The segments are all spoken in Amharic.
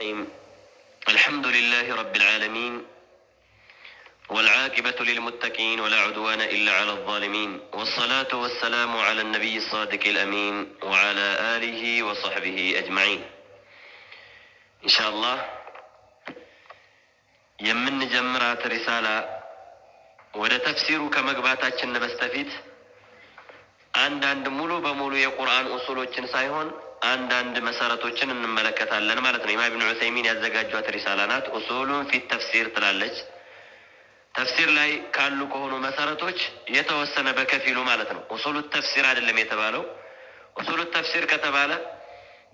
الرحيم الحمد لله رب العالمين والعاقبة للمتقين ولا عدوان إلا على الظالمين والصلاة والسلام على النبي الصادق الأمين وعلى آله وصحبه أجمعين إن شاء الله يمن جمرات رسالة ወደ ተፍሲሩ ከመግባታችን በስተፊት አንዳንድ ሙሉ በሙሉ የቁርአን ኡሱሎችን ሳይሆን አንዳንድ መሰረቶችን እንመለከታለን ማለት ነው። ኢማም ኢብኑ ዑሰይሚን ያዘጋጇት ሪሳላ ናት። ኡሱሉን ፊት ተፍሲር ትላለች። ተፍሲር ላይ ካሉ ከሆኑ መሰረቶች የተወሰነ በከፊሉ ማለት ነው። ኡሱሉ ተፍሲር አይደለም የተባለው። ኡሱሉ ተፍሲር ከተባለ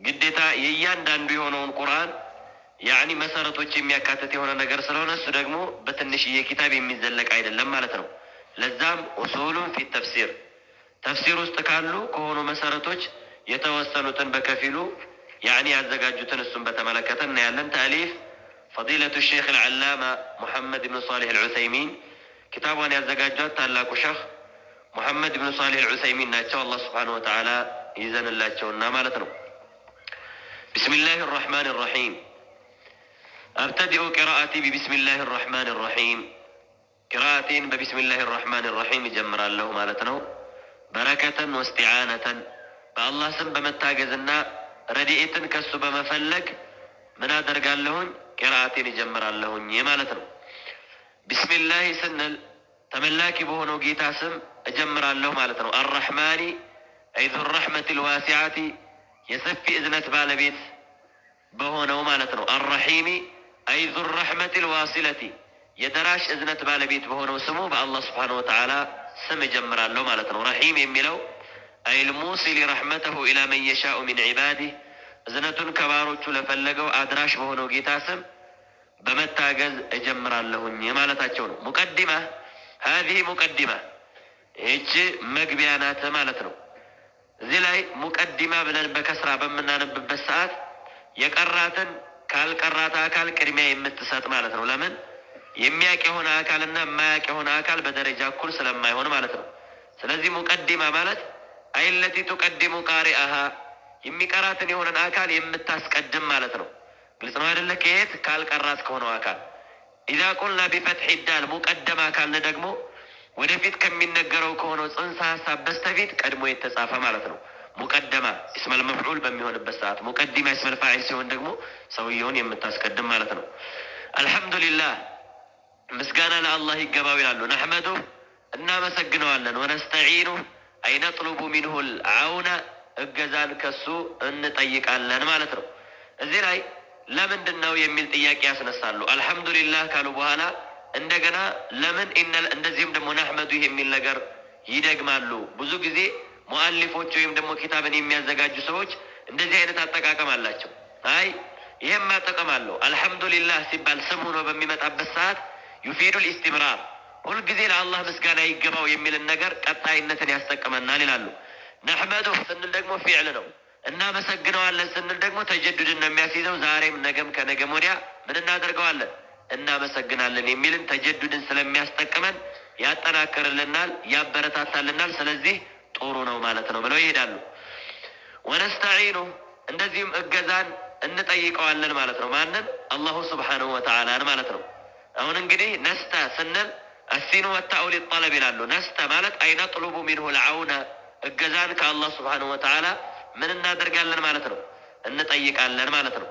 ግዴታ የእያንዳንዱ የሆነውን ቁርአን ያኒ መሰረቶች የሚያካትት የሆነ ነገር ስለሆነ እሱ ደግሞ በትንሽዬ ኪታብ የሚዘለቅ አይደለም ማለት ነው። ለዛም ኡሱሉን ፊት ተፍሲር ተፍሲር ውስጥ ካሉ ከሆኑ መሰረቶች يتوسلتن بكفلو يعني عزقاجتن السنبت ملكتن يعلن تأليف فضيلة الشيخ العلامة محمد بن صالح العثيمين كتاب أن يزقاجت تألاك شخ محمد بن صالح العثيمين ناتشو الله سبحانه وتعالى إذن الله تشو النامالتنو بسم الله الرحمن الرحيم أبتدئ قراءتي ببسم الله الرحمن الرحيم قراءتين ببسم الله الرحمن الرحيم جمر الله مالتنو بركة واستعانة በአላህ ስም በመታገዝና ረድኤትን ከሱ በመፈለግ ምን አደርጋለሁኝ? ቅርአቴን እጀምራለሁኝ ማለት ነው። ቢስሚላሂ ስንል ተመላኪ በሆነው ጌታ ስም እጀምራለሁ ማለት ነው። አራሕማኒ አይዙ ረሕመት ልዋሲዓቲ የሰፊ እዝነት ባለቤት በሆነው ማለት ነው። አራሒሚ አይዙ ረሕመት ልዋሲለቲ የደራሽ እዝነት ባለቤት በሆነው ስሙ በአላህ ስብሓን ወተዓላ ስም እጀምራለሁ ማለት ነው። ረሒም የሚለው አይልሙሲሊ ረሕመተሁ ኢላ መን የሻኡ ሚን ዒባዲህ እዝነቱን ከባሮቹ ለፈለገው አድራሽ በሆነው ጌታ ስም በመታገዝ እጀምራለሁኝ ማለታቸው ነው። ሙቀዲማ ሀዚህ ሙቀዲማ ይህች መግቢያ ናት ማለት ነው። እዚህ ላይ ሙቀዲማ ብለን በከስራ በምናነብበት ሰዓት የቀራትን ካልቀራት አካል ቅድሚያ የምትሰጥ ማለት ነው። ለምን የሚያቅ የሆነ አካልና የማያቅ የሆነ አካል በደረጃ እኩል ስለማይሆን ማለት ነው። ስለዚህ ሙቀዲማ ማለት አይለቲ ቱቀድሙ ቃሪአሃ የሚቀራትን የሆነን አካል የምታስቀድም ማለት ነው። ግልጽ ነው አይደለ? ከየት ካልቀራ ከሆነው አካል ኢዛ ቁልና ቢፈትሒ ዳል ሙቀደማ አካል ደግሞ ወደፊት ከሚነገረው ከሆነው ጽንሰ ሀሳብ በስተፊት ቀድሞ የተጻፈ ማለት ነው። ሙቀደማ እስመል መፍዑል በሚሆንበት ሰዓት ሙቀዲማ እስመል ፋዒል ሲሆን ደግሞ ሰውየውን የምታስቀድም ማለት ነው። አልሐምዱሊላህ ምስጋና ለአላህ ይገባው ይላሉ። ነሕመዱ እናመሰግነዋለን። ወነስተዒኑ አይነጥሉቡ ሚንሁል አውና እገዛን ከሱ እንጠይቃለን ማለት ነው። እዚህ ላይ ለምንድን ነው የሚል ጥያቄ ያስነሳሉ። አልሐምዱሊላህ ካሉ በኋላ እንደገና ለምን እንደዚህም ደግሞ ናሕመዱ የሚል ነገር ይደግማሉ። ብዙ ጊዜ ሙአሊፎች ወይም ደግሞ ኪታብን የሚያዘጋጁ ሰዎች እንደዚህ አይነት አጠቃቀም አላቸው። አይ ይህም ጥቅም አለው አልሐምዱሊላህ ሲባል ስም ሆኖ በሚመጣበት ሰዓት ዩፊዱል ኢስቲምራር ሁልጊዜ ለአላህ ምስጋና ይገባው የሚልን ነገር ቀጣይነትን ያስጠቅመናል ይላሉ። ነሕመዱ ስንል ደግሞ ፊዕል ነው። እናመሰግነዋለን ስንል ደግሞ ተጀዱድን ነው የሚያስይዘው። ዛሬም፣ ነገም፣ ከነገም ወዲያ ምን እናደርገዋለን? እናመሰግናለን የሚልን ተጀዱድን ስለሚያስጠቅመን ያጠናክርልናል፣ ያበረታታልናል። ስለዚህ ጥሩ ነው ማለት ነው ብለው ይሄዳሉ። ወነስተዒኑ እንደዚሁም እገዛን እንጠይቀዋለን ማለት ነው። ማንን? አላሁ ስብሓነሁ ወተዓላን ማለት ነው። አሁን እንግዲህ ነስተ ስንል አሲኑ ወታኡ ጠለብ ይላሉ። ነስተ ማለት አይነ ጥሉቡ ሚንሁ ለአውነ እገዛን ከአላህ ስብሓነሁ ወተዓላ ምን እናደርጋለን ማለት ነው፣ እንጠይቃለን ማለት ነው።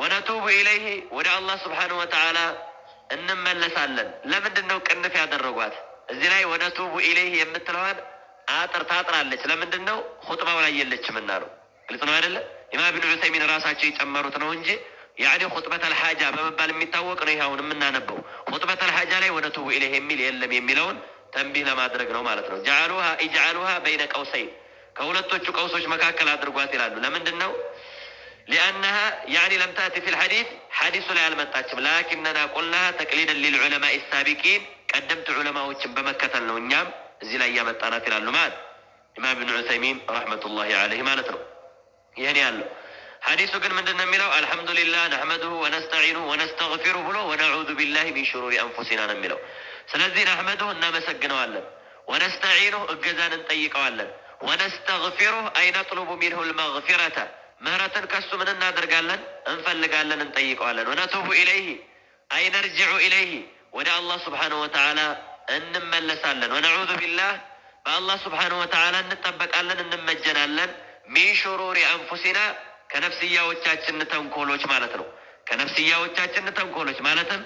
ወነቱቡ ኢለይህ ወደ አላህ ስብሓነሁ ወተዓላ እንመለሳለን። ለምንድን ነው ቅንፍ ያደረጓት? እዚህ ላይ ወነቱቡ ኢለይህ የምትለዋን አጥር ታጥራለች። ለምንድን ነው? ሁጥባው ላይ የለችም ነው። ግልጽ ነው አይደለ? ኢማም ኢብኑ ዑሰይሚን ራሳቸው የጨመሩት ነው እንጂ ያኔ ሁጥበት አልሓጃ በመባል የሚታወቅ ነው። ይኸውን የምናነበው ሁጥበት አልሓጃ ላይ ወደ ኢለህ የሚል የለም የሚለውን ተንቢህ ለማድረግ ነው ማለት ነው። ጃአሉሃ ኢጃአሉሃ በይነ ቀውሰይን ከሁለቶቹ ቀውሶች መካከል አድርጓት ይላሉ። ለምንድን ነው? ሊአናሃ ያኒ ለም ታእቲ ፊል ሐዲሱ ላይ አልመጣችም። ላኪንና ቁልናሃ ተቅሊደን ሊልዑለማ ሳቢቂን ቀደምት ዑለማዎችን በመከተል ነው እኛም እዚህ ላይ እያመጣናት ይላሉ ማለት ኢማም ብን ዑሰይሚን ረሕመቱላሂ አለይህ ማለት ነው። ይህን ያለው ሀዲሱ ግን ምንድን ነው የሚለው? አልሐምዱሊላ ነሕመድሁ ወነስተዒኑሁ ወነስተግፊሩ ብሎ ወነዑዙ ቢላሂ ሚን ሹሩሪ አንፉሲና ነው የሚለው። ስለዚህ ነሕመድሁ እናመሰግነዋለን፣ ወነስተዒኑሁ እገዛን እንጠይቀዋለን፣ ወነስተግፊሩ አይ ነጥሉቡ ሚንሁ ልመግፊረተ ምህረትን ከሱ ምን እናደርጋለን? እንፈልጋለን፣ እንጠይቀዋለን። ወነቱቡ ኢለይህ አይ ኢለይህ ወደ አላህ ስብሓነሁ ወተዓላ እንመለሳለን። ወነዑዙ ቢላህ በአላህ ስብሓነሁ ወተዓላ እንጠበቃለን፣ እንመጀናለን ሚን ሹሩሪ አንፉሲና ከነፍስያዎቻችን ተንኮሎች ማለት ነው። ከነፍስያዎቻችን ተንኮሎች ማለትም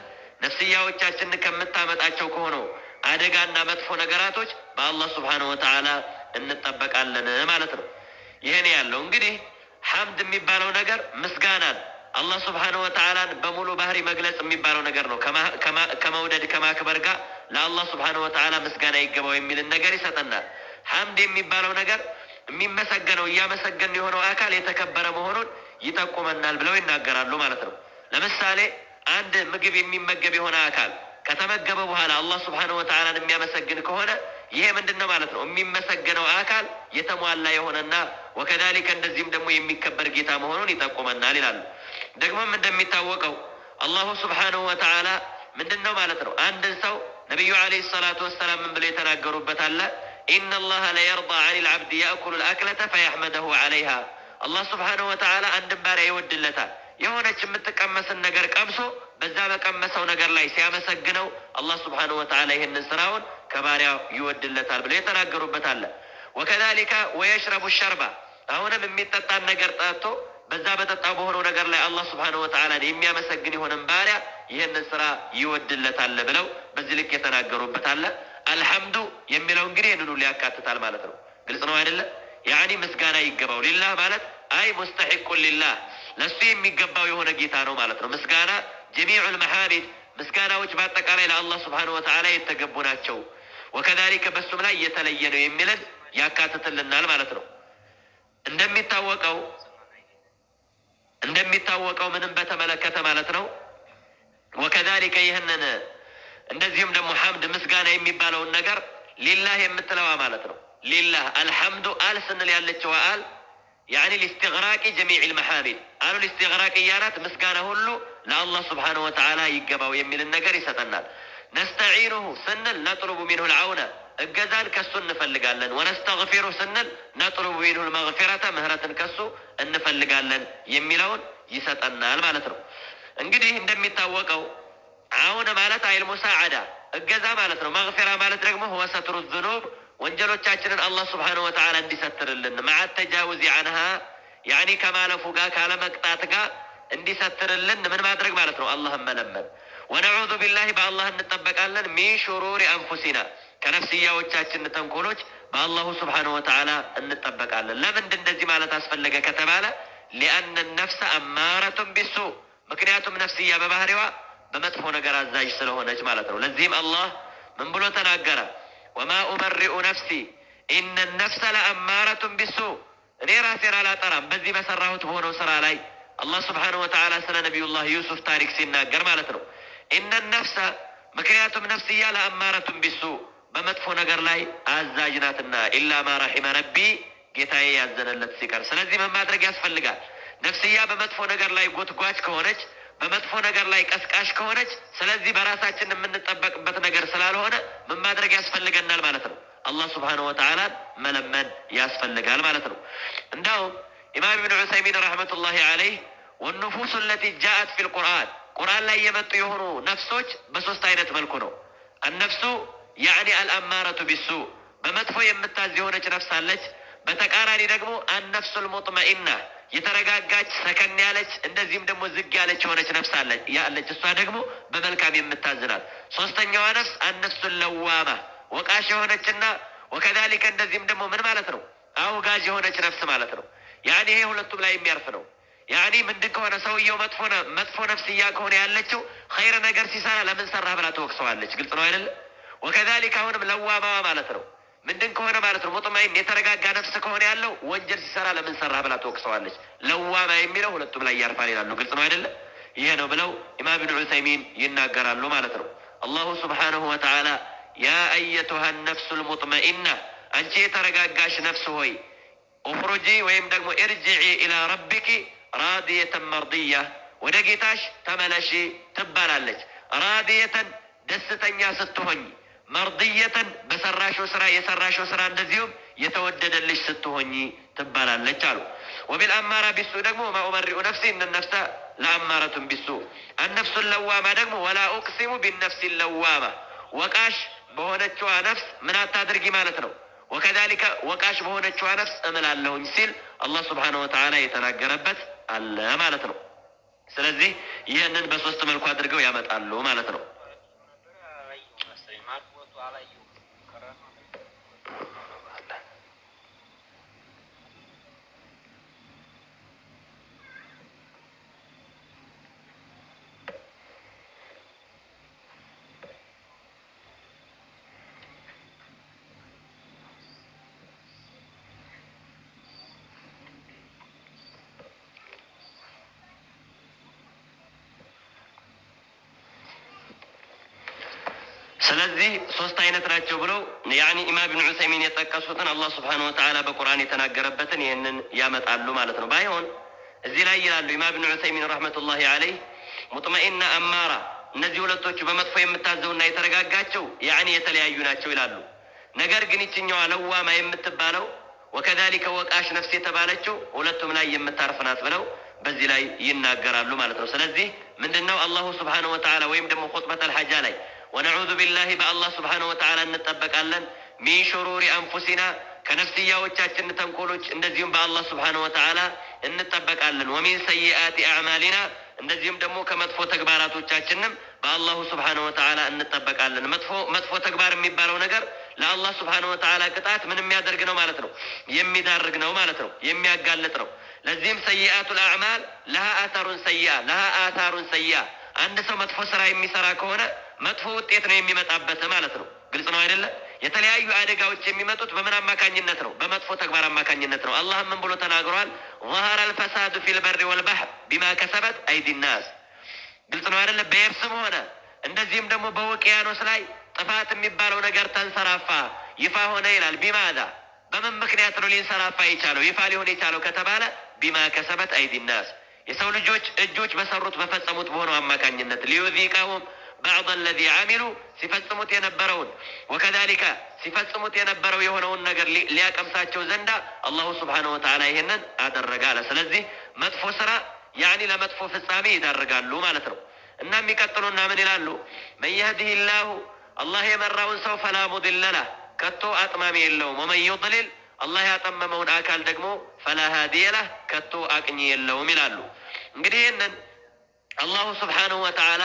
ነፍስያዎቻችን ከምታመጣቸው ከሆነው አደጋና መጥፎ ነገራቶች በአላህ ስብሓነሁ ወተዓላ እንጠበቃለን ማለት ነው። ይህን ያለው እንግዲህ ሐምድ የሚባለው ነገር ምስጋናን አላህ ስብሓነሁ ወተዓላን በሙሉ ባህሪ መግለጽ የሚባለው ነገር ነው። ከመውደድ ከማክበር ጋር ለአላህ ስብሓነሁ ወተዓላ ምስጋና ይገባው የሚልን ነገር ይሰጠናል። ሐምድ የሚባለው ነገር የሚመሰገነው እያመሰገን የሆነው አካል የተከበረ መሆኑን ይጠቁመናል ብለው ይናገራሉ ማለት ነው። ለምሳሌ አንድ ምግብ የሚመገብ የሆነ አካል ከተመገበ በኋላ አላህ ስብሓነሁ ወተዓላን የሚያመሰግን ከሆነ ይሄ ምንድን ነው ማለት ነው? የሚመሰገነው አካል የተሟላ የሆነና ወከዛሊከ እንደዚህም ደግሞ የሚከበር ጌታ መሆኑን ይጠቁመናል ይላሉ። ደግሞም እንደሚታወቀው አላሁ ስብሓነሁ ወተዓላ ምንድን ነው ማለት ነው አንድን ሰው ነቢዩ ዓለይሂ ሰላቱ ወሰላም ምን ብለው የተናገሩበት አለ ኢነ ላሀ ለየርዳ አኒል ዓብድ ያእኩሉ ልአክለተ ፈያሕመደሁ ዓለይሃ አላህ ስብሓነሁ ወተዓላ አንድን ባሪያ ይወድለታል። የሆነች የምትቀመስን ነገር ቀምሶ በዛ በቀመሰው ነገር ላይ ሲያመሰግነው አላህ ስብሓነሁ ወተዓላ ይህንን ስራውን ከባሪያው ይወድለታል ብለው የተናገሩበት አለ። ወከዛሊከ ወየሽረቡ ሸርባ አሁንም የሚጠጣን ነገር ጠጥቶ በዛ በጠጣው በሆነው ነገር ላይ አላህ ስብሓነሁ ወተዓላን የሚያመሰግን የሆነን ባሪያ ይህንን ስራ ይወድለታል ብለው በዚህ ልክ የተናገሩበት አለ። አልሐምዱ የሚለው እንግዲህ ይህንኑ ሊያካትታል ማለት ነው። ግልጽ ነው አይደለ? ያኒ ምስጋና ይገባው ሊላህ ማለት አይ ሙስተሒቁ ሊላህ ለሱ የሚገባው የሆነ ጌታ ነው ማለት ነው። ምስጋና ጀሚዑል ልመሓሚድ ምስጋናዎች በአጠቃላይ ለአላህ ስብሓነሁ ወተዓላ የተገቡ ናቸው። ወከዛሊከ በሱም ላይ እየተለየ ነው የሚልን ያካትትልናል ማለት ነው። እንደሚታወቀው እንደሚታወቀው ምንም በተመለከተ ማለት ነው ወከዛሊከ ይህንን እንደዚሁም ደግሞ ሐምድ ምስጋና የሚባለውን ነገር ሊላህ የምትለዋ ማለት ነው። ሊላህ አልሐምዱ አል ስንል ያለችው አል ያኒ ሊስትግራቂ ጀሚዕ ልመሐሚድ አሉ ሊስትግራቂ እያላት ምስጋና ሁሉ ለአላህ ስብሓነሁ ወተዓላ ይገባው የሚልን ነገር ይሰጠናል። ነስተዒኑሁ ስንል ነጥሉቡ ሚንሁ ልዓውነ እገዛን ከሱ እንፈልጋለን። ወነስተግፊሩ ስንል ነጥሉቡ ሚንሁ ልመግፊረተ ምህረትን ከሱ እንፈልጋለን የሚለውን ይሰጠናል ማለት ነው። እንግዲህ እንደሚታወቀው አሁን ማለት አይል ሙሳዓዳ እገዛ ማለት ነው። መግፊራ ማለት ደግሞ ሁወ ዝኑብ ወንጀሎቻችንን አላህ ስብሓነሁ ወተዓላ እንዲሰትርልን መዓት ተጃውዚ አንሃ ያኒ ከማለፉ ጋር ካለመቅጣት ጋር እንዲሰትርልን ምን ማድረግ ማለት ነው? አላህን መለመን። ወነዑዙ ቢላሂ በአላህ እንጠበቃለን። ሚን ሹሩሪ አንፉሲና ከነፍስያዎቻችን ተንኮሎች በአላሁ ስብሓነሁ ወተዓላ እንጠበቃለን። ለምንድን እንደዚህ ማለት አስፈለገ ከተባለ ሊአነ ነፍሰ አማረቱን ቢሱ ምክንያቱም ነፍስያ በባህሪዋ በመጥፎ ነገር አዛዥ ስለሆነች ማለት ነው። ለዚህም አላህ ምን ብሎ ተናገረ? ወማ ኡበሪኡ ነፍሲ ኢነ ነፍሰ ለአማረቱን ቢሱ እኔ ራሴን አላጠራም በዚህ በሰራሁት በሆነው ስራ ላይ አላህ ስብሓነሁ ወተዓላ ስለ ነቢዩላህ ዩሱፍ ታሪክ ሲናገር ማለት ነው። ኢነ ነፍሰ ምክንያቱም ነፍስያ ለአማረቱን ቢሱ በመጥፎ ነገር ላይ አዛዥ ናትና፣ ኢላ ማ ረሒመ ረቢ ጌታዬ ያዘነለት ሲቀር። ስለዚህ ምን ማድረግ ያስፈልጋል? ነፍስያ በመጥፎ ነገር ላይ ጎትጓች ከሆነች በመጥፎ ነገር ላይ ቀስቃሽ ከሆነች፣ ስለዚህ በራሳችን የምንጠበቅበት ነገር ስላልሆነ ምን ማድረግ ያስፈልገናል ማለት ነው። አላህ ስብሓነሁ ወተዓላን መለመን ያስፈልጋል ማለት ነው። እንዳውም ኢማም ኢብን ዑሰይሚን ረሕመቱላሂ ዓለይህ ወኑፉሱ ለቲ ጃአት ፊል ቁርአን ቁርአን ላይ የመጡ የሆኑ ነፍሶች በሶስት አይነት መልኩ ነው። አነፍሱ ያዕኒ አልአማረቱ ቢሱ በመጥፎ የምታዝ የሆነች ነፍስ አለች። በተቃራኒ ደግሞ አነፍሱል ሙጥመኢና የተረጋጋች ሰከን ያለች እንደዚህም ደግሞ ዝግ ያለች የሆነች ነፍስ ያለች እሷ ደግሞ በመልካም የምታዝናት። ሶስተኛዋ ነፍስ አነሱን ለዋማ ወቃሽ የሆነችና ወከዛሊከ እንደዚህም ደግሞ ምን ማለት ነው? አውጋዥ የሆነች ነፍስ ማለት ነው። ያኔ ይሄ ሁለቱም ላይ የሚያርፍ ነው። ያኒ ምንድን ከሆነ ሰውየው መጥፎ ነፍስያ ከሆነ ያለችው ኸይረ ነገር ሲሰራ ለምን ሰራ ብላ ትወቅሰዋለች። ግልጽ ነው አይደለም? ወከዛሊከ አሁንም ለዋማዋ ማለት ነው ምንድን ከሆነ ማለት ነው ሞጥማይም የተረጋጋ ነፍስ ከሆነ ያለው ወንጀል ሲሰራ ለምን ሰራ ብላ ትወቅሰዋለች። ለዋማ የሚለው ሁለቱም ላይ ያርፋል ይላሉ። ግልጽ ነው አይደለም። ይሄ ነው ብለው ኢማም ብን ዑሰይሚን ይናገራሉ ማለት ነው። አላሁ ስብሓነሁ ወተዓላ ያ አየቱሃ ነፍሱ ልሙጥመኢና አንቺ የተረጋጋሽ ነፍስ ሆይ ኡኽሩጂ ወይም ደግሞ እርጅዒ ኢላ ረቢኪ ራድየተን መርድያ ወደ ጌታሽ ተመለሺ ትባላለች። ራድየተን ደስተኛ ስትሆኝ መርድየተን በሰራሽው ስራ የሰራሽው ስራ እንደዚሁም የተወደደልሽ ስትሆኝ ትባላለች አሉ። ወቢልአማራ ቢሱ ደግሞ ማኡመሪኡ ነፍሲ እነነፍሰ ለአማረቱን ቢሱ አነፍሱን ለዋማ ደግሞ ወላ ኡቅሲሙ ቢነፍሲ ለዋማ ወቃሽ በሆነችዋ ነፍስ ምን አታድርጊ ማለት ነው። ወከዛሊከ ወቃሽ በሆነችዋ ነፍስ እምላለሁኝ ሲል አላህ ስብሓነ ወተዓላ የተናገረበት አለ ማለት ነው። ስለዚህ ይህንን በሶስት መልኩ አድርገው ያመጣሉ ማለት ነው። while I use እነዚህ ሶስት አይነት ናቸው ብለው ያኒ ኢማም ብን ዑሰይሚን የጠቀሱትን አላህ ስብሐነሁ ወተዓላ በቁርአን የተናገረበትን ይህንን ያመጣሉ ማለት ነው። ባይሆን እዚህ ላይ ይላሉ ኢማም ብን ዑሰይሚን ረሕመቱላሂ አለይህ ሙጥመኢና አማራ እነዚህ ሁለቶቹ በመጥፎ የምታዘውና የተረጋጋቸው ያኒ የተለያዩ ናቸው ይላሉ። ነገር ግን ይችኛዋ ለዋማ የምትባለው ወከዛሊከ ወቃሽ ነፍስ የተባለችው ሁለቱም ላይ የምታርፍ ናት ብለው በዚህ ላይ ይናገራሉ ማለት ነው። ስለዚህ ምንድነው አላሁ ስብሐነሁ ወተዓላ ወይም ደግሞ ኹጥበተል ሐጃ ላይ ወነዑዙ ቢላሂ በአላህ ስብሓነሁ ወተዓላ እንጠበቃለን። ሚን ሹሩሪ አንፉሲና ከነፍስያዎቻችን ተንኮሎች እንደዚሁም በአላህ ስብሓነሁ ወተዓላ እንጠበቃለን። ወሚን ሰይአቲ አዕማሊና እንደዚሁም ደግሞ ከመጥፎ ተግባራቶቻችንም በአላሁ ስብሓነሁ ወተዓላ እንጠበቃለን። መጥፎ ተግባር የሚባለው ነገር ለአላህ ስብሓነሁ ወተዓላ ቅጣት ምን የሚያደርግ ነው ማለት ነው? የሚዳርግ ነው ማለት ነው። የሚያጋልጥ ነው። ለዚህም ሰይአቱል አዕማል ለሃ አታሩን ሰይአ ለሃ አታሩን ሰይአ አንድ ሰው መጥፎ ስራ የሚሰራ ከሆነ መጥፎ ውጤት ነው የሚመጣበት ማለት ነው። ግልጽ ነው አይደለ? የተለያዩ አደጋዎች የሚመጡት በምን አማካኝነት ነው? በመጥፎ ተግባር አማካኝነት ነው። አላህ ምን ብሎ ተናግሯል? ظهر الفساد في البر والبحر بما كسبت ايدي الناس ግልጽ ነው አይደለ? በየብስም ሆነ እንደዚህም ደግሞ በውቅያኖስ ላይ ጥፋት የሚባለው ነገር ተንሰራፋ ይፋ ሆነ ይላል። ቢማዛ በምን ምክንያት ነው ሊንሰራፋ የቻለው ይፋ ሊሆን የቻለው ከተባለ ቢማ ከሰበት አይዲናስ የሰው ልጆች እጆች በሰሩት በፈጸሙት በሆነው አማካኝነት ሊዩዚቀሁም ባዕድ አለዚ አሚሉ ሲፈጽሙት የነበረውን ወከዛሊከ ሲፈጽሙት የነበረው የሆነውን ነገር ሊያቀምሳቸው ዘንዳ አላሁ ስብሓነሁ ወተዓላ ይህንን አደረገ አለ። ስለዚህ መጥፎ ስራ ያኒ ለመጥፎ ፍጻሜ ይዳርጋሉ ማለት ነው። እና የሚቀጥሉና ምን ይላሉ? መን የህዲህ ላሁ አላህ የመራውን ሰው ፈላ ሙድለ ከቶ አጥማሚ የለውም። ወመን ዩድሊል አላህ ያጠመመውን አካል ደግሞ ፈላ ሃዲየ ከቶ አቅኚ የለውም ይላሉ። እንግዲህ ይህንን አላሁ ስብሓነሁ ወተዓላ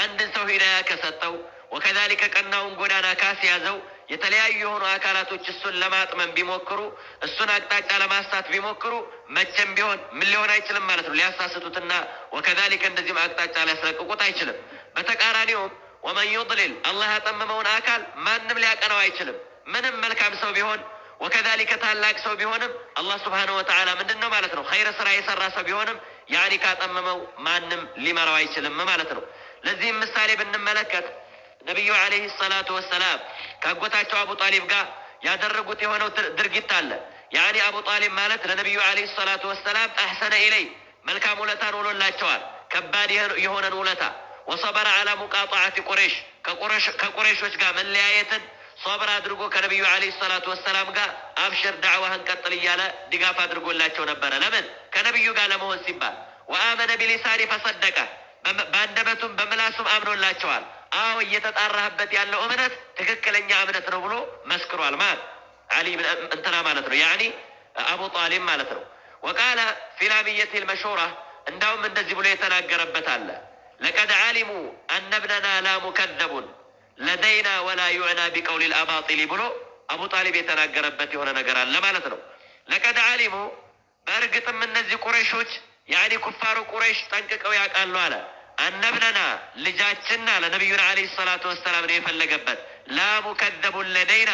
አንድን ሰው ሂዳያ ከሰጠው ወከዛሊከ ቀናውን ጎዳና ካስያዘው የተለያዩ የሆኑ አካላቶች እሱን ለማጥመም ቢሞክሩ እሱን አቅጣጫ ለማሳት ቢሞክሩ መቼም ቢሆን ምን ሊሆን አይችልም ማለት ነው። ሊያሳስቱትና ወከዛሊከ እንደዚህም አቅጣጫ ሊያስረቅቁት አይችልም። በተቃራኒውም ወመን ዩድልል አላህ ያጠመመውን አካል ማንም ሊያቀናው አይችልም። ምንም መልካም ሰው ቢሆን ወከዛሊከ ታላቅ ሰው ቢሆንም አላህ ስብሓነሁ ወተዓላ ምንድን ነው ማለት ነው ኸይረ ስራ የሰራ ሰው ቢሆንም ያኒ ካጠመመው ማንም ሊመራው አይችልም ማለት ነው። ለዚህም ምሳሌ ብንመለከት ነቢዩ አለህ ሰላቱ ወሰላም ከአጎታቸው አቡ ጣሊብ ጋር ያደረጉት የሆነው ድርጊት አለ። ያኒ አቡ ጣሊብ ማለት ለነቢዩ ዓለይሂ ሰላቱ ወሰላም አሕሰነ ኢለይ መልካም ውለታን ውሎላቸዋል፣ ከባድ የሆነን ውለታ ወሰበረ አላ ሙቃጣዓቲ ቁሬሽ ከቁሬሾች ጋር መለያየትን ሶብር አድርጎ ከነቢዩ ዓለይሂ ሰላቱ ወሰላም ጋር አብሽር ዳዕዋህን ቀጥል እያለ ድጋፍ አድርጎላቸው ነበረ። ለምን? ከነቢዩ ጋር ለመሆን ሲባል ወአመነ ቢሊሳኒ ፈሰደቀ በአንደበቱም በምላሱም አምኖላቸዋል። አዎ እየተጣራህበት ያለው እምነት ትክክለኛ እምነት ነው ብሎ መስክሯል። ማለት አሊ እንትና ማለት ነው ያኒ አቡ ጣሊብ ማለት ነው። ወቃለ ፊላሚየት ልመሾራ እንዳውም እንደዚህ ብሎ የተናገረበት አለ። ለቀድ ዓሊሙ አነብነና ላ ሙከዘቡን ለደይና ወላ ዩዕና ቢቀውል ልአባጢሊ ብሎ አቡ ጣሊብ የተናገረበት የሆነ ነገር አለ ማለት ነው። ለቀድ ዓሊሙ በእርግጥም እነዚህ ቁረሾች ያኒ ኩፋሮ ቁረይሽ ጠንቅቀው ያውቃሉ አለ። አነብነና ልጃችንና ለነቢዩና አለ ሰላቱ ወሰላም ነው የፈለገበት ላ ሙከዘቡን ለደይና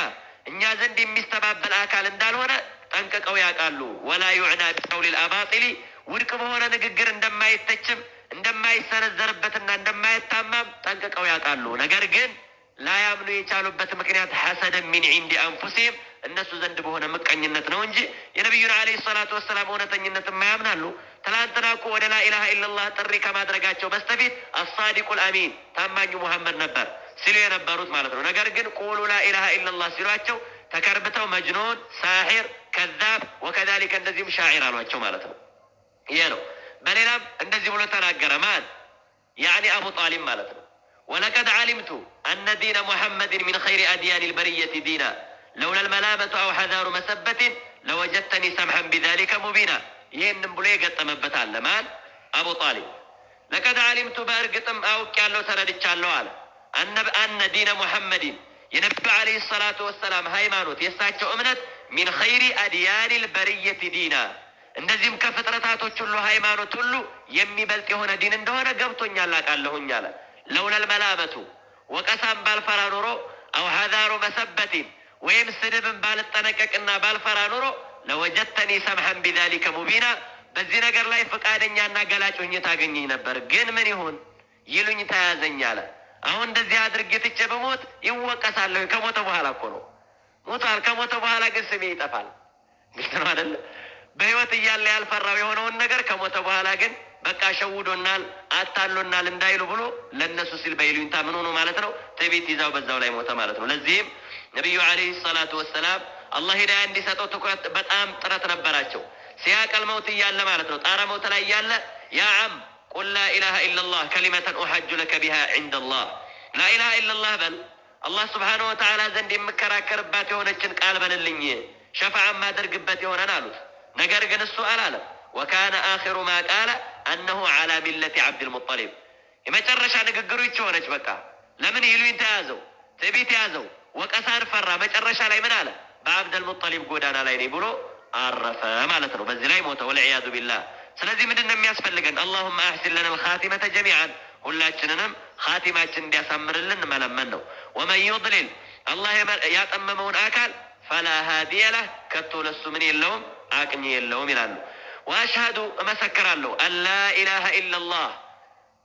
እኛ ዘንድ የሚስተባበል አካል እንዳልሆነ ጠንቅቀው ያውቃሉ። ወላ ዩዕና ቢቀውሊል አባጢሊ ውድቅ በሆነ ንግግር እንደማይተችም እንደማይሰነዘርበትና እንደማይታማም ጠንቅቀው ያውቃሉ። ነገር ግን ላያምኑ የቻሉበት ምክንያት ሐሰደን ሚን ዒንዲ አንፉሲህም እነሱ ዘንድ በሆነ ምቀኝነት ነው እንጂ የነቢዩን አለ ሰላቱ ወሰላም እውነተኝነት የማያምናሉ ትላንትና እኮ ወደ ላኢላሃ ኢለላህ ጥሪ ከማድረጋቸው በስተፊት አሳዲቁል አሚን ታማኙ ሙሐመድ ነበር ሲሉ የነበሩት ማለት ነው። ነገር ግን ቁሉ ላኢላሃ ኢለላህ ሲሏቸው ተከርብተው መጅኑን፣ ሳሒር፣ ከዛብ ወከዛሊከ እንደዚሁም ሻዒር አሏቸው ማለት ነው። ይሄ ነው። በሌላም እንደዚህ ብሎ ተናገረ። ማን ያዕኒ አቡ ጣሊብ ማለት ነው። ወለቀድ ዓሊምቱ አነ ዲነ ሙሐመድን ሚን ኸይሪ አድያን ልበርየት ዲና ለውላ ልመላመቱ አው ሐዛሩ መሰበትን ለወጀተኒ ሰምሐን ቢዛሊከ ሙቢና ይህንም ብሎ የገጠመበት አለ። ማን? አቡ ጣሊብ። ለቀድ አሊምቱ በእርግጥም አውቄያለሁ ተረድቻለሁ አለ። አነ ዲነ ሙሐመድን የነቢ ዓለይሂ ሰላቱ ወሰላም ሃይማኖት የእሳቸው እምነት ሚን ኸይሪ አድያኒ ልበርየት ዲና እንደዚህም ከፍጥረታቶች ሁሉ ሃይማኖት ሁሉ የሚበልጥ የሆነ ዲን እንደሆነ ገብቶኛል አውቃለሁኝ አለ። ለውለል መላመቱ ወቀሳም ባልፈራ ኑሮ አው ሀዛሩ መሰበቲን ወይም ስድብን ባልጠነቀቅና ባልፈራ ኑሮ ለወጀተኒ ሰምሐን ቢዛሊከ ሙቢና በዚህ ነገር ላይ ፈቃደኛና ገላጭ ሆኜ ታገኘኝ ነበር። ግን ምን ይሁን ይሉኝ ተያዘኝ አለ። አሁን እንደዚህ አድርጌ ትቼ በሞት ይወቀሳለሁ። ከሞተ በኋላ እኮ ነው ሞቷል። ከሞተ በኋላ ግን ስሜ ይጠፋል። ግልጽ ነው አደለ? በህይወት እያለ ያልፈራው የሆነውን ነገር ከሞተ በኋላ ግን በቃ ሸውዶናል፣ አታሎናል እንዳይሉ ብሎ ለእነሱ ሲል በይሉኝታ ምን ሆኖ ማለት ነው ትቤት ይዛው በዛው ላይ ሞተ ማለት ነው። ለዚህም ነቢዩ አለይሂ ሰላቱ ወሰላም አላህ ሂዳያ እንዲሰጠው ትኩረት በጣም ጥረት ነበራቸው። ሲያቀል መውት እያለ ማለት ነው። ጣረ መውት ላይ እያለ ያ አም ቁል ላኢላሃ ኢለላህ ከሊመተን ኡሐጁ ለከ ቢሃ ዒንደላህ ላኢላሃ ኢለላህ በል አላህ ስብሓነሁ ወተዓላ ዘንድ የምከራከርባት የሆነችን ቃል በልልኝ ሸፍዓ ማደርግበት የሆነን አሉት። ነገር ግን እሱ አላለም። ወካነ አኺሩ ማ ቃለ አነሁ ዓላ ሚለቲ ዓብድልሙጠሊብ የመጨረሻ ንግግሩ ይች ሆነች። በቃ ለምን ይሉኝ ተያዘው፣ ትዕቢት ያዘው፣ ወቀሳን ፈራ። መጨረሻ ላይ ምን አለ? በአብደል በአብደልሙጠሊብ ጎዳና ላይ ነኝ ብሎ አረፈ ማለት ነው። በዚህ ላይ ሞተ ወልዕያዙ ቢላህ። ስለዚህ ምንድን ነው የሚያስፈልገን? አላሁማ አሕሲን ለና ልኻቲመተ ጀሚዓን ሁላችንንም ኻቲማችን እንዲያሳምርልን መለመን ነው። ወመን ዩድሊል አላህ ያጠመመውን አካል ፈላ ሃዲየ ለህ ከቶ ለሱ ምን የለውም አቅኝ የለውም ይላሉ። ወአሽሀዱ እመሰክራለሁ አላ ኢላሃ ኢላላህ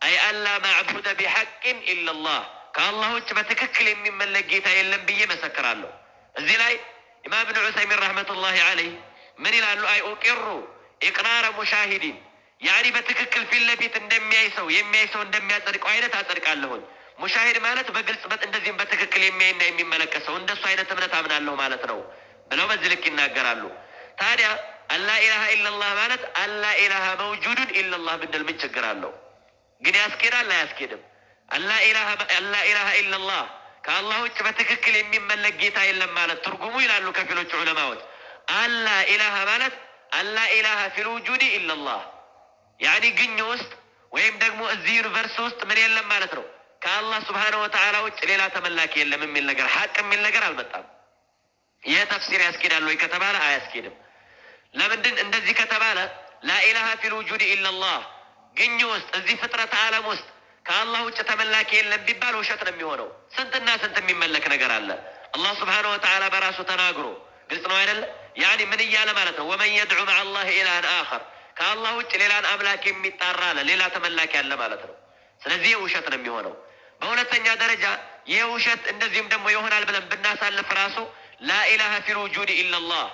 አይ አላ ማዕቡደ ቢሐቅን ኢላላህ ከአላህ ውጭ በትክክል የሚመለክ ጌታ የለም ብዬ መሰክራለሁ እዚህ ላይ ኢማም ብን ዑሰይሚን ረህመቱላሂ አለይ ምን ይላሉ? አይ ኡቂሩ ኢቅራረ ሙሻሂዲን ያኒ በትክክል ፊት ለፊት እንደሚያይ ሰው የሚያይ ሰው እንደሚያጸድቀው አይነት አጸድቃለሁኝ። ሙሻሂድ ማለት በግልጽ እንደዚህም በትክክል የሚያይና የሚመለከት ሰው እንደሱ አይነት እምነት አምናለሁ ማለት ነው ብለው በዚህ ልክ ይናገራሉ። ታዲያ አላ ኢላሃ ኢለላህ ማለት አላ ኢላሃ መውጁዱን ኢለላህ ብንል ምን ችግር አለው? ግን ያስኬዳል አያስኬድም? አላ ኢላሃ ኢለላህ ከአላህ ውጭ በትክክል የሚመለክ ጌታ የለም ማለት ትርጉሙ ይላሉ ከፊሎች ዑለማዎች። አላ ኢላሃ ማለት አላ ኢላሃ ፊል ውጁድ ኢላላህ ያኒ ግኝ ውስጥ ወይም ደግሞ እዚህ ዩኒቨርስ ውስጥ ምን የለም ማለት ነው። ከአላህ ስብሓነሁ ወተዓላ ውጭ ሌላ ተመላኪ የለም የሚል ነገር ሀቅ የሚል ነገር አልመጣም። ይህ ተፍሲር ያስኬዳል ወይ ከተባለ አያስኬድም። ለምንድን እንደዚህ ከተባለ ላኢላሃ ፊል ውጁድ ኢላላህ ግኝ ውስጥ እዚህ ፍጥረት ዓለም ውስጥ ከአላህ ውጭ ተመላኪ የለም ቢባል ውሸት ነው የሚሆነው። ስንትና ስንት የሚመለክ ነገር አለ። አላህ ስብሓነሁ ወተዓላ በራሱ ተናግሮ ግልጽ ነው አይደለ? ያኒ ምን እያለ ማለት ነው? ወመን የድዑ መዓ አላህ ኢላሃን አኸር፣ ከአላህ ውጭ ሌላን አምላክ የሚጣራ አለ፣ ሌላ ተመላኪ አለ ማለት ነው። ስለዚህ ውሸት ነው የሚሆነው። በሁለተኛ ደረጃ ይህ ውሸት እንደዚህም ደግሞ ይሆናል ብለን ብናሳልፍ ራሱ ላኢላሃ ፊል ውጁድ ኢላላህ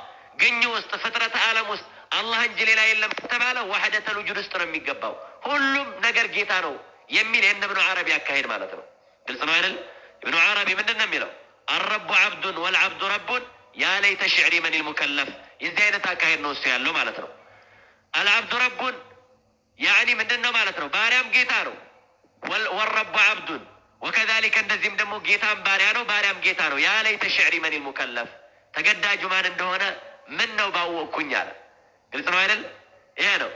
ግኝ ውስጥ ፍጥረተ ዓለም ውስጥ አላህ እንጂ ሌላ የለም ከተባለ ዋሕደተል ውጁድ ውስጥ ነው የሚገባው። ሁሉም ነገር ጌታ ነው የሚል ይህን ብኑ ዓረቢ አካሄድ ማለት ነው። ግልጽ ነው አይደል? እብኑ ዓረቢ ምንድን ነው የሚለው? አረቡ ዓብዱን ወልዓብዱ ረቡን ያ ለይተ ሽዕሪ መን ልሙከለፍ። የዚህ አይነት አካሄድ ነው እሱ ያለው ማለት ነው። አልዓብዱ ረቡን ያኒ ምንድን ነው ማለት ነው? ባሪያም ጌታ ነው። ወረቡ ዓብዱን ወከዛሊከ፣ እንደዚህም ደግሞ ጌታም ባሪያ ነው፣ ባሪያም ጌታ ነው። ያ ሽዕሪ መን ልሙከለፍ፣ ተገዳጁ ማን እንደሆነ ምን ነው ባወቅኩኝ አለ። ግልጽ ነው አይደል? ይሄ ነው።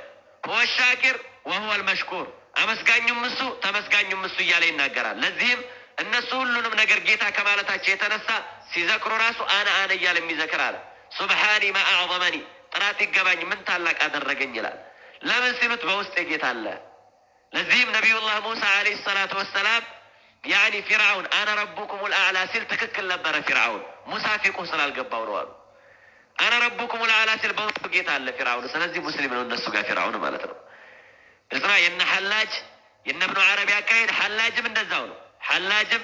ሁወ ሻኪር ወሁወ ልመሽኩር አመስጋኙም እሱ ተመስጋኙም እሱ እያለ ይናገራል። ለዚህም እነሱ ሁሉንም ነገር ጌታ ከማለታቸው የተነሳ ሲዘክሩ ራሱ አነ አነ እያለ የሚዘክር አለ። ሱብሃኒ ማአዕዘመኒ ጥራት ይገባኝ ምን ታላቅ አደረገኝ ይላል። ለምን ሲሉት በውስጥ ጌታ አለ። ለዚህም ነቢዩላህ ሙሳ ዓለይሂ ሰላቱ ወሰላም ያኒ ፊርዓውን አነ ረቡኩም ልአዕላ ሲል ትክክል ነበረ። ፊርዓውን ሙሳ ፊቁ ስላልገባው ነው አሉ። አነ ረቡኩም ልአዕላ ሲል በውስጡ ጌታ አለ ፊርዓውን። ስለዚህ ሙስሊም ነው እነሱ ጋር ፊርዓውን ማለት ነው። እዝራ የነ ሐላጅ የነ ብኑ ዓረቢ አካሄድ ሐላጅም እንደዛው ነው። ሐላጅም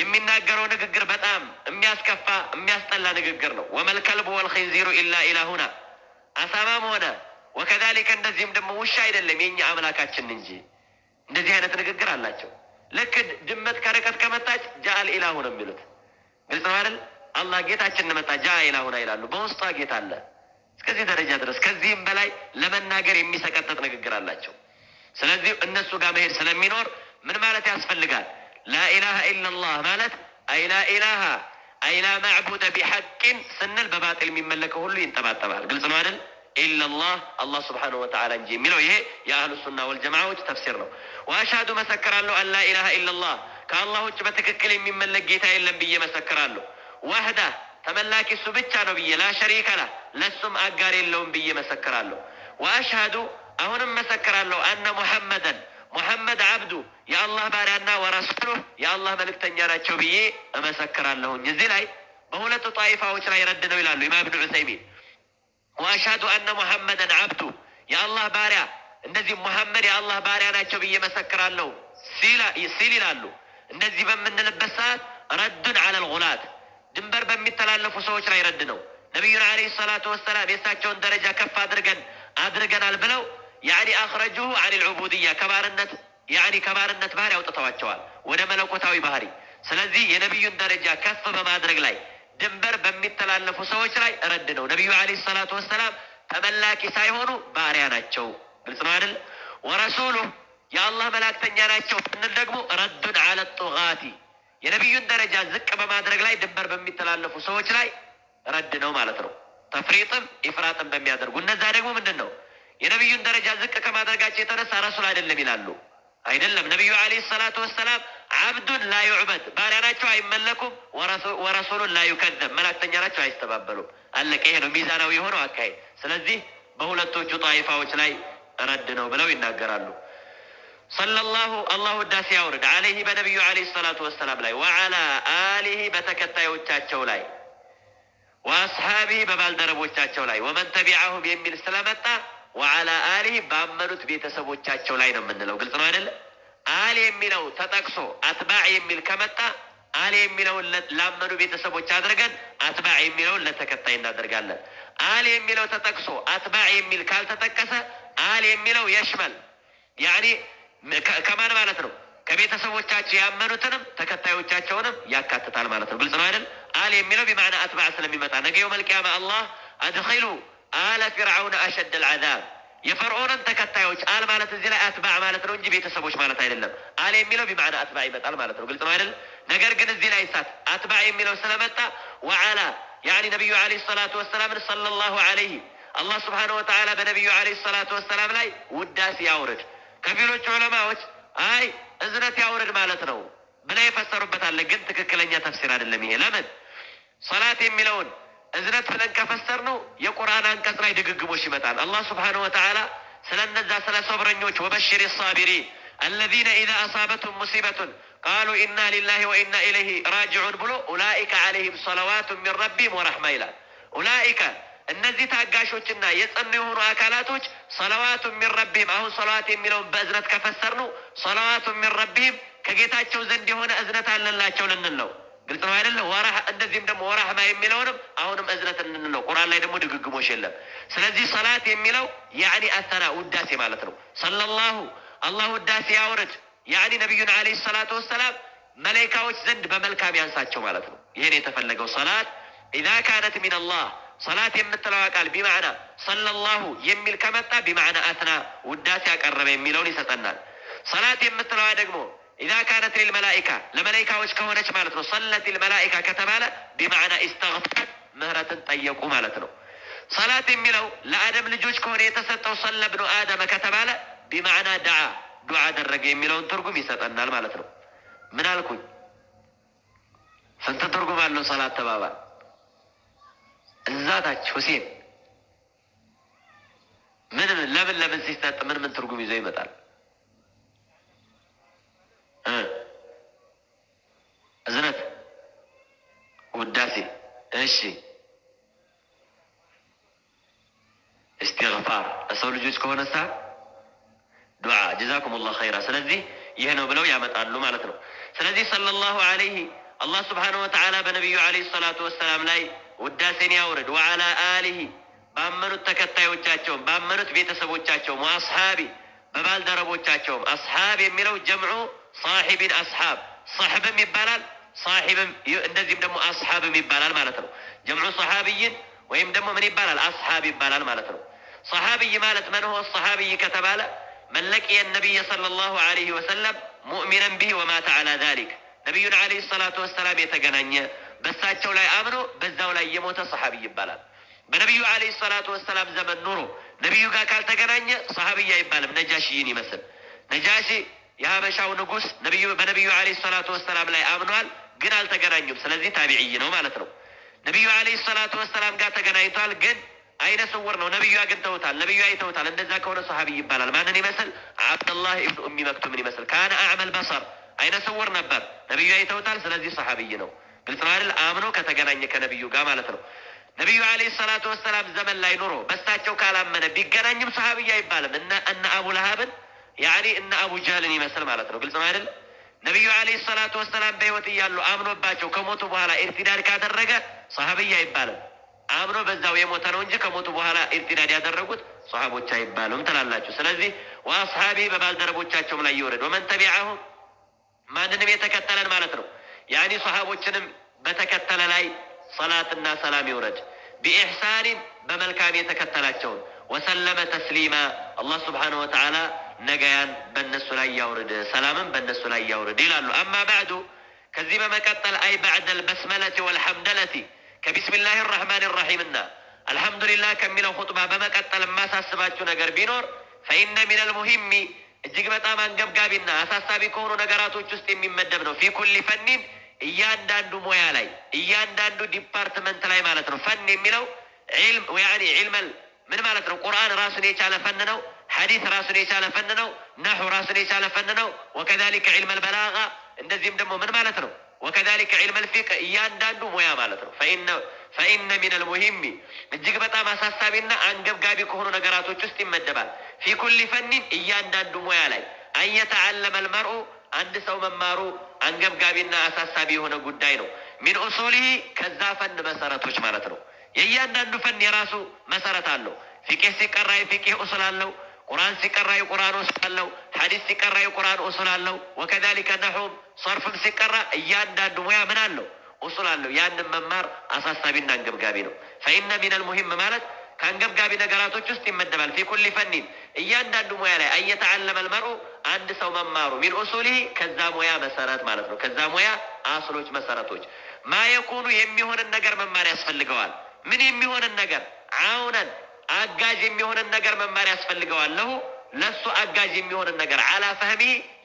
የሚናገረው ንግግር በጣም የሚያስከፋ የሚያስጠላ ንግግር ነው። ወመልከልብ ወልኸንዚሩ ኢላ ኢላሁና አሳማም ሆነ ወከዛሊከ እንደዚህም ደግሞ ውሻ አይደለም የኛ አምላካችን እንጂ እንደዚህ አይነት ንግግር አላቸው። ልክ ድመት ከርቀት ከመጣች ጃአል ኢላሁ ነው የሚሉት። ግልጽ ነው አይደል? አላህ ጌታችን መጣ ጃአ ኢላሁና ይላሉ። በውስጧ ጌታ አለ። እስከዚህ ደረጃ ድረስ ከዚህም በላይ ለመናገር የሚሰቀጠጥ ንግግር አላቸው። ስለዚህ እነሱ ጋር መሄድ ስለሚኖር ምን ማለት ያስፈልጋል? ላኢላሃ ኢላላህ ማለት አይላ ኢላሃ አይላ ማዕቡደ ቢሐቅን ስንል በባጢል የሚመለከው ሁሉ ይንጠባጠባል። ግልጽ ነው አይደል? ኢላላህ አላህ ስብሓነሁ ወተዓላ እንጂ የሚለው ይሄ የአህሉ ሱና ወልጀማዓዎች ተፍሲር ነው። ወአሽሀዱ መሰክራለሁ አን ላኢላሃ ኢላላህ ከአላህ ውጭ በትክክል የሚመለክ ጌታ የለም ብዬ መሰክራለሁ። ዋህዳ ተመላኪ እሱ ብቻ ነው ብዬ ላሸሪከላ ለሱም አጋር የለውም ብዬ መሰክራለሁ። ወአሽሃዱ አሁንም መሰክራለሁ አነ ሙሐመደን ሙሐመድ አብዱ የአላህ ባሪያና ወረሱሉህ የአላህ መልእክተኛ ናቸው ብዬ እመሰክራለሁኝ። እዚህ ላይ በሁለቱ ጣይፋዎች ላይ ረድ ነው ይላሉ ኢማም ኢብኑ ዑሰይሚን። ወአሽሃዱ አነ ሙሐመደን አብዱ የአላህ ባሪያ እንደዚህ ሙሐመድ የአላህ ባሪያ ናቸው ብዬ መሰክራለሁ ሲል ይላሉ። እንደዚህ በምንልበት ሰዓት ረዱን አለል ጉላት ድንበር በሚተላለፉ ሰዎች ላይ ረድ ነው። ነቢዩን ዓለይሂ ሰላቱ ወሰላም የእሳቸውን ደረጃ ከፍ አድርገን አድርገናል ብለው ያኒ አኽረጁሁ አኒል ልዑቡድያ ከባርነት ያኒ ከባርነት ባህሪ አውጥተዋቸዋል ወደ መለኮታዊ ባህሪ። ስለዚህ የነቢዩን ደረጃ ከፍ በማድረግ ላይ ድንበር በሚተላለፉ ሰዎች ላይ ረድ ነው። ነቢዩ ዓለይሂ ሰላቱ ወሰላም ተመላኪ ሳይሆኑ ባሪያ ናቸው። ግልጽ ነው አይደል? ወረሱሉ የአላህ መላእክተኛ ናቸው ብንል ደግሞ ረዱን ዓለ ጡጋቲ የነቢዩን ደረጃ ዝቅ በማድረግ ላይ ድንበር በሚተላለፉ ሰዎች ላይ ረድ ነው ማለት ነው። ተፍሪጥም ኢፍራጥም በሚያደርጉ እነዛ ደግሞ ምንድን ነው የነቢዩን ደረጃ ዝቅ ከማድረጋቸው የተነሳ ረሱል አይደለም ይላሉ። አይደለም ነቢዩ ዓለይሂ ሰላቱ ወሰላም አብዱን ላዩዕበድ ባሪያ ናቸው፣ አይመለኩም። ወረሱሉን ላዩከዘብ መላእክተኛ ናቸው፣ አይስተባበሉም። አለቀ። ይሄ ነው ሚዛናዊ የሆነው አካሄድ። ስለዚህ በሁለቶቹ ጣይፋዎች ላይ ረድ ነው ብለው ይናገራሉ። ሰለላሁ አላሁ ውዳሴ ያውርድ አለይህ በነቢዩ አለይሂ ሰላቱ ወሰላም ላይ ወዓላ አሊህ በተከታዮቻቸው ላይ ወአስሓቢህ በባልደረቦቻቸው ላይ ወመን ተቢዐሁም የሚል ስለመጣ ወዓላ አሊህ ባመኑት ቤተሰቦቻቸው ላይ ነው የምንለው። ግልጽ ነው አይደለ? አል የሚለው ተጠቅሶ አትባዕ የሚል ከመጣ አል የሚለውን ላመኑ ቤተሰቦች አድርገን አትባዕ የሚለውን ለተከታይ እናደርጋለን። አል የሚለው ተጠቅሶ አትባዕ የሚል ካልተጠቀሰ አል የሚለው የሽመል ያዕኒ ከማን ማለት ነው? ከቤተሰቦቻቸው ያመኑትንም ተከታዮቻቸውንም ያካትታል ማለት ነው። ግልጽ ነው አይደል? አል የሚለው ቢማዕና አትባዕ ስለሚመጣ ነገ የውመል ቂያማ አላህ አድኪሉ አለ ፊርዓውን አሸድ ልዓዛብ የፈርዖንን ተከታዮች አል ማለት እዚህ ላይ አትባዕ ማለት ነው እንጂ ቤተሰቦች ማለት አይደለም። አል የሚለው ቢማዕና አትባዕ ይመጣል ማለት ነው። ግልጽ ነው አይደል? ነገር ግን እዚህ ላይ ሳት አትባዕ የሚለው ስለመጣ ወዓላ ያኒ ነቢዩ ዓለይሂ ሰላቱ ወሰላምን ሰለላሁ ዓለይህ አላህ ስብሓነሁ ወተዓላ በነቢዩ ዓለይሂ ሰላቱ ወሰላም ላይ ውዳሴ ያውርድ ከፊሎች ዑለማዎች አይ እዝነት ያውርድ ማለት ነው ብለ የፈሰሩበት ግን ትክክለኛ ተፍሲር አይደለም ይሄ። ለምን ሰላት የሚለውን እዝነት ብለን ከፈሰር ነው የቁርአን አንቀጽ ላይ ድግግሞች ይመጣል። አላህ ስብሓነሁ ወተዓላ ስለነዛ ስለ ሶብረኞች ወበሽሪ ሳቢሪን አለዚነ ኢዛ አሳበቱም ሙሲበቱን ቃሉ ኢና ሊላሂ ወኢና ኢለይሂ ራጅዑን ብሎ ኡላኢከ ዓለይሂም ሰለዋቱ ሚን ረቢም ወረሕማ ይላል ኡላኢከ እነዚህ ታጋሾችና የጸኑ የሆኑ አካላቶች ሰለዋቱ ሚን አሁን ሰለዋት የሚለውን በእዝነት ከፈሰር ነው ሰለዋቱ ሚን ከጌታቸው ዘንድ የሆነ እዝነት አለላቸው ልንል ነው። ግልጽ ነው አይደለ? ወራህ እንደዚህም ደግሞ ወራህማ የሚለውንም አሁንም እዝነት እንንል ነው። ቁርአን ላይ ደግሞ ድግግሞች የለም። ስለዚህ ሰላት የሚለው ያኒ አተና ውዳሴ ማለት ነው። ሰለላሁ አላህ ውዳሴ ያውርድ ያኒ ነቢዩን ዓለይሂ ሰላቱ ወሰላም መላይካዎች ዘንድ በመልካም ያንሳቸው ማለት ነው። ይህን የተፈለገው ሰላት ኢዛ ካነት ሚን አላህ ሰላት የምትለዋ ቃል ቢማዕና ሰለላሁ የሚል ከመጣ ቢማዕና አትና ውዳሴ ያቀረበ የሚለውን ይሰጠናል። ሰላት የምትለዋ ደግሞ ኢዛ ካነት ሊል ለመላኢካዎች ከሆነች ማለት ነው። ሰለት ሊል መላኢካ ከተባለ ቢማዕና ኢስተግፈር ምህረትን ጠየቁ ማለት ነው። ሰላት የሚለው ለአደም ልጆች ከሆነ የተሰጠው ሰለ ብኑ አደመ ከተባለ ቢማዕና ዳዓ ዱዓ አደረገ የሚለውን ትርጉም ይሰጠናል ማለት ነው። ምን አልኩኝ? ስንት ትርጉም አለው ሰላት ተባባል? እዛ ታች ሁሴን ምን ምን ለምን ለምን ሲሰጥ ምን ምን ትርጉም ይዞ ይመጣል? እዝነት፣ ውዳሴ፣ እሺ፣ እስትግፋር ለሰው ልጆች ከሆነ ሳ ዱዓ ጀዛኩም ላሁ ኸይራ። ስለዚህ ይህ ነው ብለው ያመጣሉ ማለት ነው። ስለዚህ ሰለላሁ ዐለይሂ አላህ ስብሓነሁ ወተዓላ በነቢዩ ዐለይሂ ሰላቱ ወሰላም ላይ ውዳሴን ያውርድ። ወዓላ አሊሂ ባመኑት ተከታዮቻቸውም ባመኑት ቤተሰቦቻቸውም፣ ወአስሓቢ በባልደረቦቻቸውም። አስሓብ የሚለው ጀምዑ ሳሒቢን አስሓብ ሳሕብም ይባላል። ሳሒብም እንደዚህም ደግሞ አስሓብም ይባላል ማለት ነው። ጀምዑ ሰሓብይን ወይም ደግሞ ምን ይባላል? አስሓብ ይባላል ማለት ነው። ሰሓብይ ማለት መን ሆ ሰሓብይ ከተባለ መለቅየ ነቢይ ሰለላሁ ዐለይሂ ወሰለም ሙእሚነን ቢሂ ወማተ ዐላ ዛሊክ ነቢዩን ዐለይሂ ሰላቱ ወሰላም የተገናኘ በሳቸው ላይ አምኖ በዛው ላይ የሞተ ሰሐቢ ይባላል። በነቢዩ አለህ ሰላቱ ወሰላም ዘመን ኑሮ ነቢዩ ጋር ካልተገናኘ ሰሓቢይ አይባልም። ነጃሽይን ይመስል ነጃሺ የሀበሻው ንጉስ በነቢዩ አለይሂ ሰላቱ ወሰላም ላይ አምኗል፣ ግን አልተገናኙም። ስለዚህ ታቢዕይ ነው ማለት ነው። ነቢዩ አለይሂ ሰላቱ ወሰላም ጋር ተገናኝቷል፣ ግን አይነ ስውር ነው። ነቢዩ አግኝተውታል፣ ነቢዩ አይተውታል። እንደዛ ከሆነ ሰሐቢ ይባላል። ማንን ይመስል? አብደላህ እብን ኡሚ መክቱምን ይመስል። ካነ አዕመል በሰር አይነ ስውር ነበር፣ ነቢዩ አይተውታል። ስለዚህ ሰሓቢይ ነው። ግልጽ አይደል? አምኖ ከተገናኘ ከነቢዩ ጋር ማለት ነው። ነቢዩ አለይሂ ሰላቱ ወሰላም ዘመን ላይ ኑሮ በሳቸው ካላመነ ቢገናኝም ሰሃብያ አይባልም። እና እነ አቡ ለሀብን ያኒ እነ አቡ ጀህልን ይመስል ማለት ነው። ግልጽ ነው አይደል? ነቢዩ አለይሂ ሰላቱ ወሰላም በህይወት እያሉ አምኖባቸው ከሞቱ በኋላ ኢርቲዳድ ካደረገ ሰሃብያ አይባልም። አምኖ በዛው የሞተ ነው እንጂ ከሞቱ በኋላ ኢርቲዳድ ያደረጉት ሰሃቦች አይባሉም ትላላችሁ። ስለዚህ ወአስሃቢ በባልደረቦቻቸውም ላይ ይወረድ ወመን ተቢዐሁም ማንንም የተከተለን ማለት ነው ያኒ ሰሃቦችንም በተከተለ ላይ ሰላትና ሰላም ይውረድ። ቢኢሕሳኒን በመልካም የተከተላቸውን ወሰለመ ተስሊማ አላህ ስብሓነሁ ወተዓላ ነገያን በእነሱ ላይ ያውርድ፣ ሰላምን በነሱ ላይ ያውርድ ይላሉ። አማ ባዕዱ ከዚህ በመቀጠል አይ ባዕደ አልበስመለቲ ወልሐምደለቲ ከቢስሚላህ ራሕማን ራሒምና አልሐምዱሊላህ ከሚለው ኹጥባ በመቀጠል የማሳስባችሁ ነገር ቢኖር ፈኢነ ሚነል ሙሂሚ እጅግ በጣም አንገብጋቢና አሳሳቢ ከሆኑ ነገራቶች ውስጥ የሚመደብ ነው ፊ ኩሊ ፈኒን እያንዳንዱ ሙያ ላይ እያንዳንዱ ዲፓርትመንት ላይ ማለት ነው። ፈን የሚለው ያኒ ምን ማለት ነው? ቁርአን ራሱን የቻለ ፈን ነው። ሐዲስ ራሱን የቻለ ፈን ነው። ናሑ ራሱን የቻለ ፈን ነው። ወከዛሊከ ዒልመል በላጋ እንደዚህም ደግሞ ምን ማለት ነው? ወከዛሊከ ዒልመል ፊቅ እያንዳንዱ ሙያ ማለት ነው። ፈኢነ ሚነል ሙሂሚ እጅግ በጣም አሳሳቢና አንገብጋቢ ከሆኑ ነገራቶች ውስጥ ይመደባል። ፊ ኩሊ ፈኒን እያንዳንዱ ሙያ ላይ አንየተዓለመል መርኡ አንድ ሰው መማሩ አንገብጋቢና አሳሳቢ የሆነ ጉዳይ ነው። ሚን ኡሱሊ ከዛ ፈን መሰረቶች ማለት ነው። የእያንዳንዱ ፈን የራሱ መሰረት አለው። ፊቄ ሲቀራ የፊቄህ ኡሱል አለው። ቁርአን ሲቀራ የቁርአን ኡሱል አለው። ሐዲስ ሲቀራ የቁርአን ኡሱል አለው። ወከዛሊከ ነሑም ሰርፍም ሲቀራ እያንዳንዱ ሙያ ምን አለው? ኡሱል አለው። ያንን መማር አሳሳቢና አንገብጋቢ ነው። ፈኢነ ሚነል ሙሂም ማለት ከአንገብጋቢ ነገራቶች ውስጥ ይመደባል። ፊኩል ኩሊ ፈኒን እያንዳንዱ ሙያ ላይ አየተዓለመ ልመሩ አንድ ሰው መማሩ ሚን ኡሱሊ ከዛ ሙያ መሰረት ማለት ነው። ከዛ ሙያ አስሎች መሰረቶች ማየኩኑ የሚሆንን ነገር መማር ያስፈልገዋል። ምን የሚሆንን ነገር አውነን አጋዥ የሚሆንን ነገር መማር ያስፈልገዋል። ለሁ ለሱ አጋዥ የሚሆንን ነገር አላ ፈህሚ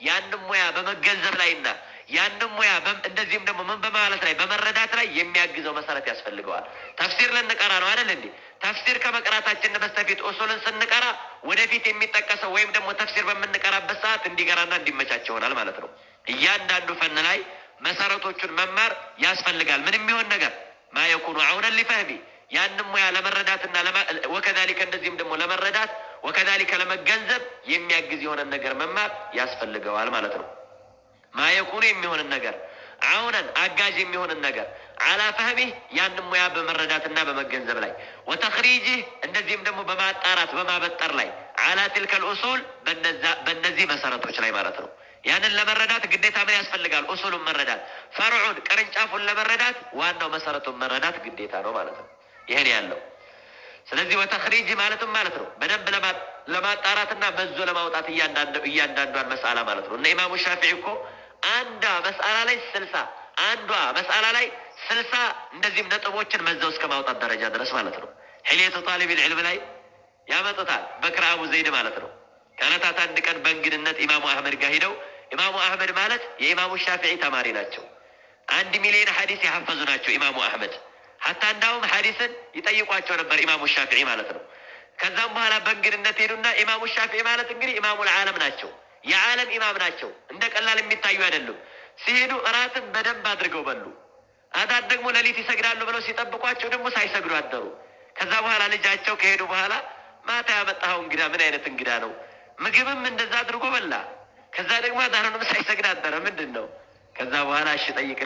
ያንም ሙያ በመገንዘብ ላይና ያንም ሙያ እንደዚህም ደግሞ ምን በማለት ላይ በመረዳት ላይ የሚያግዘው መሰረት ያስፈልገዋል። ተፍሲር ልንቀራ ነው አይደል እንዴ? ተፍሲር ከመቅራታችን በስተፊት ኡሱልን ስንቀራ ወደፊት የሚጠቀሰው ወይም ደግሞ ተፍሲር በምንቀራበት ሰዓት እንዲገራና እንዲመቻች ይሆናል ማለት ነው። እያንዳንዱ ፈን ላይ መሰረቶቹን መማር ያስፈልጋል። ምንም ይሆን ነገር ማየኩኑ አውነን ሊፈህቢ ያንም ሙያ ለመረዳትና ወከዛሊከ እንደዚህም ደግሞ ለመረዳት ወከዛሊከ ለመገንዘብ የሚያግዝ የሆነን ነገር መማር ያስፈልገዋል ማለት ነው። ማየኩኑ የሚሆንን ነገር አውነን አጋዥ የሚሆንን ነገር አላ ፈህሚህ ያንን ሙያ በመረዳትና በመገንዘብ ላይ ወተክሪጅህ እንደዚህም ደግሞ በማጣራት በማበጠር ላይ አላ ትልከል ኡሱል በእነዚህ መሰረቶች ላይ ማለት ነው። ያንን ለመረዳት ግዴታ ምን ያስፈልጋል? ኡሱሉን መረዳት፣ ፈርዑን ቅርንጫፉን ለመረዳት ዋናው መሰረቱን መረዳት ግዴታ ነው ማለት ነው። ይህን ያለው ስለዚህ ወተክሪጅ ማለትም ማለት ነው በደንብ ለማጣራትና በዞ ለማውጣት እያንዳንዷን መስአላ ማለት ነው። እና ኢማሙ ሻፊዒ እኮ አንዷ መስአላ ላይ ስልሳ አንዷ መስአላ ላይ ስልሳ እንደዚህም ነጥቦችን መዘው እስከ ማውጣት ደረጃ ድረስ ማለት ነው። ሕልየቱ ጣሊቢል ዕልም ላይ ያመጡታል። በክር አቡ ዘይድ ማለት ነው። ከዕለታት አንድ ቀን በእንግድነት ኢማሙ አህመድ ጋር ሂደው ኢማሙ አህመድ ማለት የኢማሙ ሻፊዒ ተማሪ ናቸው። አንድ ሚሊዮን ሀዲስ ያሐፈዙ ናቸው ኢማሙ አህመድ። ሀታ እንዳውም ሀዲስን ይጠይቋቸው ነበር ኢማሙ ሻፊዒ ማለት ነው። ከዛም በኋላ በእንግድነት ሄዱና ኢማሙ ሻፊዒ ማለት እንግዲህ ኢማሙ ልዓለም ናቸው። የዓለም ኢማም ናቸው። እንደ ቀላል የሚታዩ አይደሉም። ሲሄዱ እራትን በደንብ አድርገው በሉ። አዳር ደግሞ ሌሊት ይሰግዳሉ ብለው ሲጠብቋቸው ደግሞ ሳይሰግዱ አደሩ። ከዛ በኋላ ልጃቸው ከሄዱ በኋላ ማታ ያመጣኸው እንግዳ ምን አይነት እንግዳ ነው? ምግብም እንደዛ አድርጎ በላ። ከዛ ደግሞ አዳሩንም ሳይሰግድ አደረ። ምንድን ነው? ከዛ በኋላ እሺ ጠይቅ